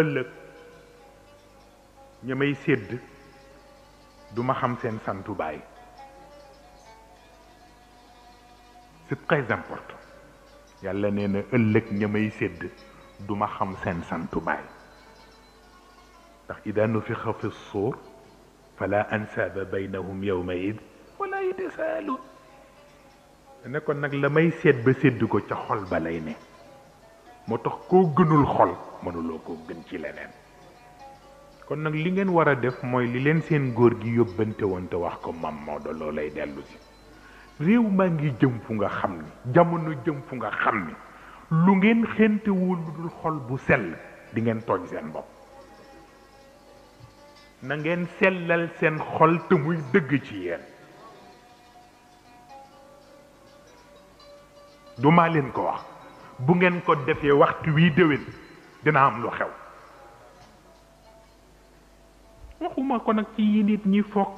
ëllëg ñamay sédd duma xam seen santu baay c'est très important yàlla nee na ëllëg ña sédd duma xam seen santu baay ndax ida nufixa fi suur fala ansaaba baynahum id wala yatasaalun ne kon nag la may sédd ba sédd ko ca xol ba lay ne moo tax koo gënul xol mënuloo koo gën ci leneen kon nag li ngeen war a def mooy li leen seen góor gi yóbbante woon wax ko mam moo loo lay dellu si réew maa ngi jëm fu nga xam ni jamono jëm fu nga xam ni lu ngeen xentewul lu dul xol bu sell dingeen ngeen tooñ seen bopp na ngeen sellal seen xol te muy dëgg ci yéen du maa leen ko wax bu ngeen ko defee waxtu wii déwén dina am lu xew waxuma ko nag ci yi nit ñi fokk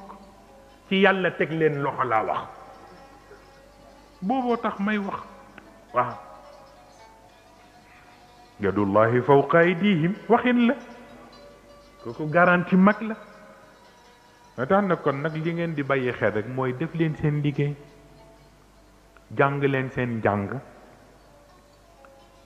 ci yàlla teg leen loxo laa wax booboo tax may wax waaw yadullahi fawqa aydihim waxin la kooku garanti mag la nga tax na kon nag li ngeen di bàyyi xel rek mooy def leen seen liggéey jàng leen seen jàng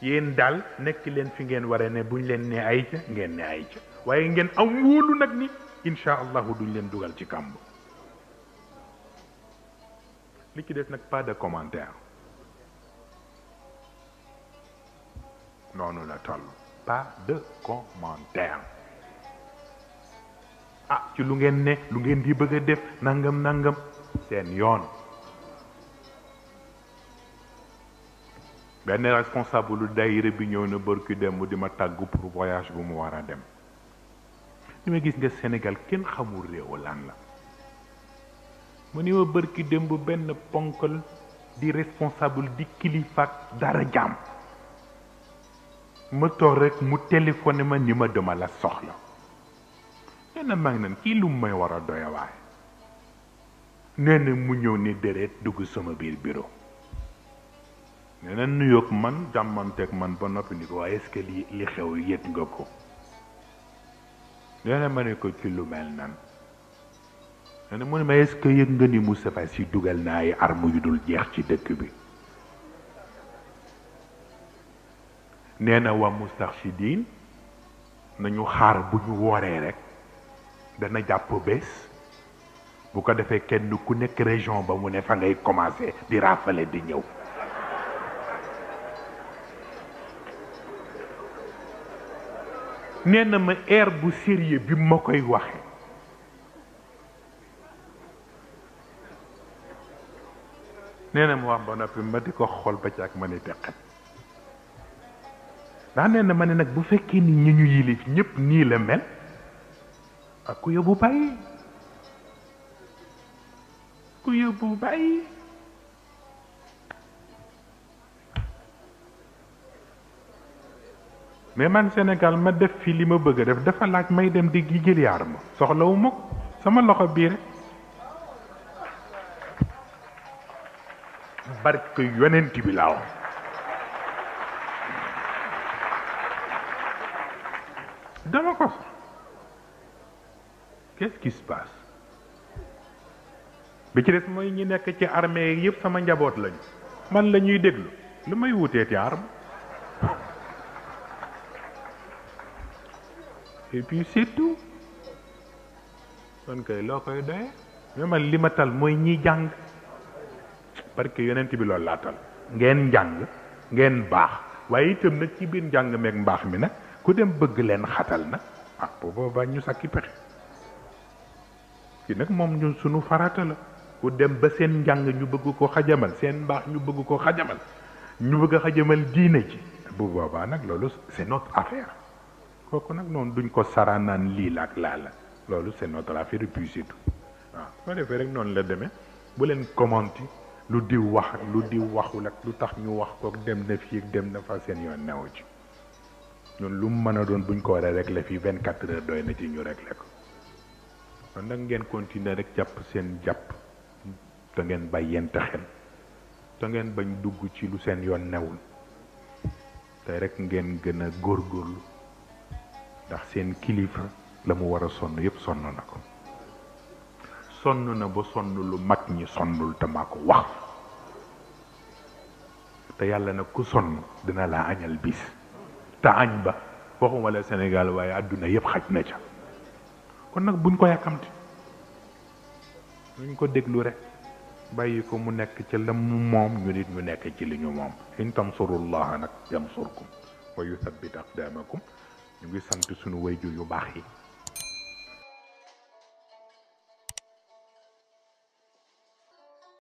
yéen daal nekk leen fi ngeen waree ne buñ leen ne ay ngeen ne ay waaye ngeen am wóolu nag ni incha allahu duñ leen dugal ci kàmb li ci des nag pas de commentaire noonu la toll pas de commentaire ah ci lu ngeen ne lu ngeen di bëgg a def nangam nangam seen yoon benn responsable lu daayira bi ñëw na bërki dem di ma tàggu pour voyage bu mu war a dem ni ma gis nga senegal kenn xamul réew lan la mu ni ma bërki dem bu benn ponkal di responsable di kilifaak dara jàmm ma toog rek mu téléphoné ma ni ma dama la soxla nee na maa naan kii lu may war a doyawaay nee na mu ñëw ni déret dugg sama biir bureau nee na nuyoog man jàmmanteeg man ba noppi ni ko waaye est-ce li xew yëg nga ko nee ma ne ko ci lu mel nan nee na mu ne ma est-ce que yëg nga ni Moustapha Sy dugal na ay armes yu dul jeex ci dëkk bi nee na waa Moustarchidine nañu xaar bu ñu wooree rek dana jàpp bés bu ko defee kenn ku nekk région ba mu ne fa ngay commencer di raafale di ñëw nee na ma air bu sérieux bi ma koy waxe nee na mu wax ba noppi ma di ko xool ba ci ak ma ni teqat ndax nee ma ne nag bu fekkee ni ñi ñu yilif ñëpp nii la mel ak ku yóbbu bàyyi ku yóbbu bàyyi mais man Sénégal ma def fi li ma bëgg a def dafa laaj may dem di gi jëliyaar ma soxlawu ma sama loxo biir rek barke yonent bi laa wax dama ko sax qu'est-ce ci des mooy ñi nekk ci armée yëpp sama njaboot lañu man la ñuy déglu lu may wutee ci arme et puis c'est tout kon kay loo koy doye tal ñi jang barke yonent bi lol latal ngeen jang ngeen bax waye itam nag ci biir jang meeg mbaax mi nak ku dem bëgg len xatal nag ah bo ba ñu sakki pex ki nak mom ñun sunu farata la ku dem ba seen jang ñu bëgg ko xajamal seen mbaax ñu bëgg ko xajamal ñu bëgg xajamal diine ci bu boba nak lolu c'est notre affaire kooku nag noonu duñ ko saraanaan lii la ak laa la loolu c'est notre affaire et puis c'est tout waaw soo defee rek noonu la demee bu leen commenté lu diw wax lu diw waxu ak lu tax ñu wax kook dem na fii ak dem na fa seen yoon newu ci ñun lu mën a doon buñ ko waree régler fii vingt quatre heures doy na ci ñu régler ko kon nag ngeen continuer rek jàpp seen jàpp te ngeen bay bàyyente xel te ngeen bañ dugg ci lu seen yoon newul te rek ngeen gën a góorlu ndax seen kilifa la mu war a sonn yëpp sonn na ko sonn na ba sonn lu mag ñi sonnul te maa ko wax te yàlla nag ku sonn dina laa añal bis te añ ba waxuma la Sénégal waaye àdduna yëpp xaj na ca kon nag buñ ko yàkkamti ñu ko déglu rek bàyyi ko mu nekk ci la mu moom ñu nit ñu nekk ci li ñu moom in tansurullaha nag yansurkum wa yuthabbit aqdamakum ñu ngi sant sunu wayjur yu baax yi